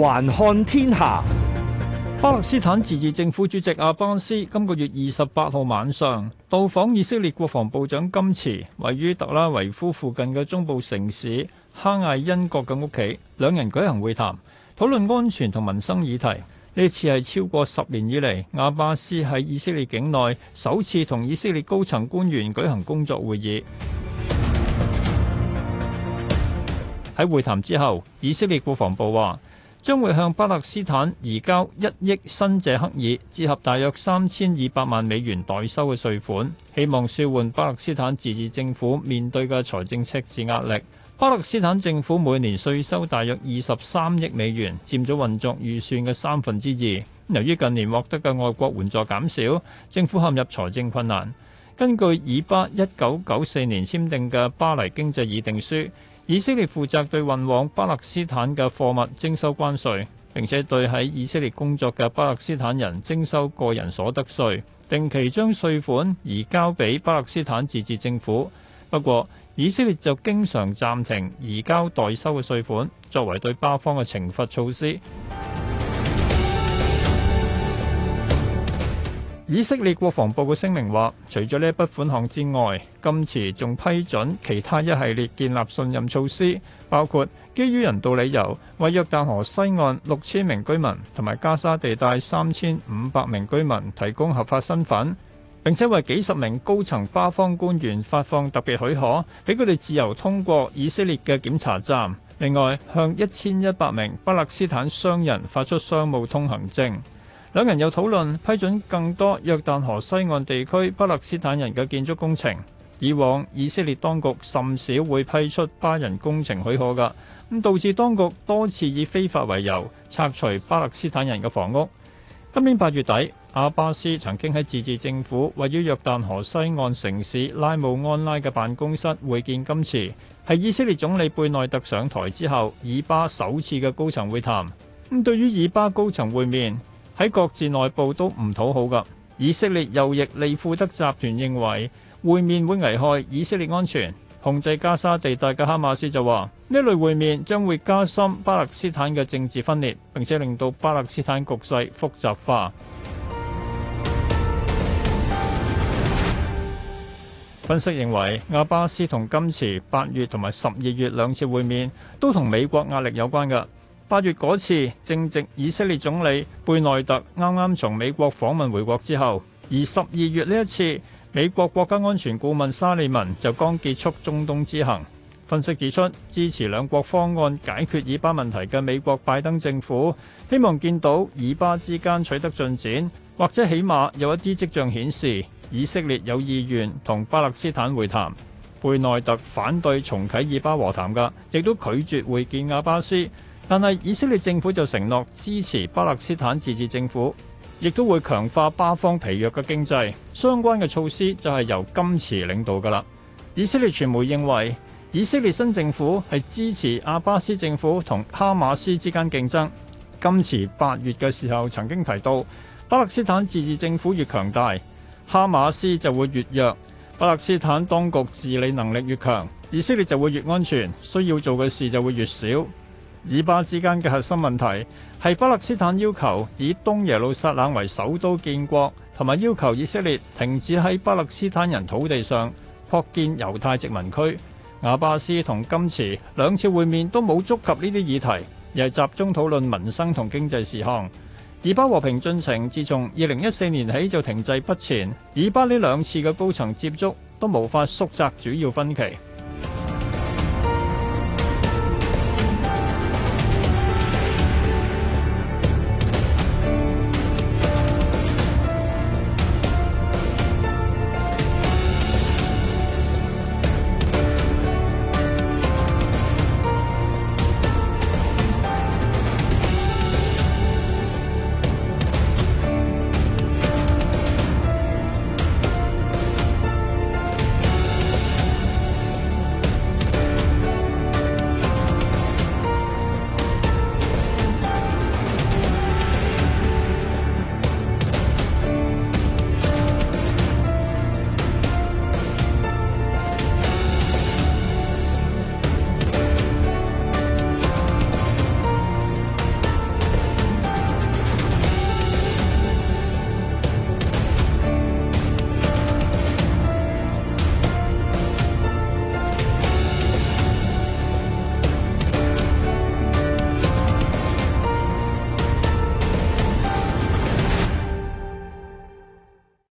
環看天下，巴勒斯坦自治政府主席阿巴斯今個月二十八號晚上到訪以色列國防部長甘茨位於特拉維夫附近嘅中部城市哈艾因國嘅屋企，兩人舉行會談，討論安全同民生議題。呢次係超過十年以嚟，阿巴斯喺以色列境內首次同以色列高層官員舉行工作會議。喺會談之後，以色列國防部話。將會向巴勒斯坦移交一億新謝克爾，折合大約三千二百萬美元代收嘅稅款，希望舒緩巴勒斯坦自治政府面對嘅財政赤字壓力。巴勒斯坦政府每年稅收大約二十三億美元，佔咗運作預算嘅三分之二。由於近年獲得嘅外國援助減少，政府陷入財政困難。根據以巴一九九四年簽訂嘅巴黎經濟議定書，以色列負責對運往巴勒斯坦嘅貨物徵收關稅，並且對喺以色列工作嘅巴勒斯坦人徵收個人所得稅，定期將稅款移交俾巴勒斯坦自治政府。不過，以色列就經常暫停移交代收嘅稅款，作為對巴方嘅懲罰措施。以色列國防部嘅聲明話，除咗呢一筆款項之外，今次仲批准其他一系列建立信任措施，包括基於人道理由，為約旦河西岸六千名居民同埋加沙地帶三千五百名居民提供合法身份，並且為幾十名高層巴方官員發放特別許可，俾佢哋自由通過以色列嘅檢查站。另外，向一千一百名巴勒斯坦商人發出商務通行證。兩人又討論批准更多約旦河西岸地區巴勒斯坦人嘅建築工程。以往以色列當局甚少會批出巴人工程許可的，噶咁導致當局多次以非法為由拆除巴勒斯坦人嘅房屋。今年八月底，阿巴斯曾經喺自治政府位於約旦河西岸城市拉姆安拉嘅辦公室會見甘茨，係以色列總理貝內特上台之後以巴首次嘅高層會談。咁對於以巴高層會面，喺各自內部都唔討好噶。以色列右翼利庫德集團認為會面會危害以色列安全。控制加沙地帶嘅哈馬斯就話呢類會面將會加深巴勒斯坦嘅政治分裂，並且令到巴勒斯坦局勢複雜化。分析認為，阿巴斯同甘茨八月同埋十二月兩次會面都同美國壓力有關嘅。八月嗰次正值以色列總理貝內特啱啱從美國訪問回國之後，而十二月呢一次，美國國家安全顧問沙利文就剛結束中東之行。分析指出，支持兩國方案解決以巴問題嘅美國拜登政府希望見到以巴之間取得進展，或者起碼有一啲跡象顯示以色列有意願同巴勒斯坦會談。貝內特反對重啟以巴和談嘅，亦都拒絕會見阿巴斯。但係以色列政府就承諾支持巴勒斯坦自治政府，亦都會強化巴方疲弱嘅經濟。相關嘅措施就係由甘茨領導㗎啦。以色列傳媒認為以色列新政府係支持阿巴斯政府同哈馬斯之間競爭。甘茨八月嘅時候曾經提到，巴勒斯坦自治政府越強大，哈馬斯就會越弱；巴勒斯坦當局治理能力越強，以色列就會越安全，需要做嘅事就會越少。以巴之間嘅核心問題係巴勒斯坦要求以東耶路撒冷為首都建國，同埋要求以色列停止喺巴勒斯坦人土地上擴建猶太殖民區。阿巴斯同甘茨兩次會面都冇觸及呢啲議題，而係集中討論民生同經濟事項。以巴和平進程自從2014年起就停滯不前，以巴呢兩次嘅高層接觸都無法縮窄主要分歧。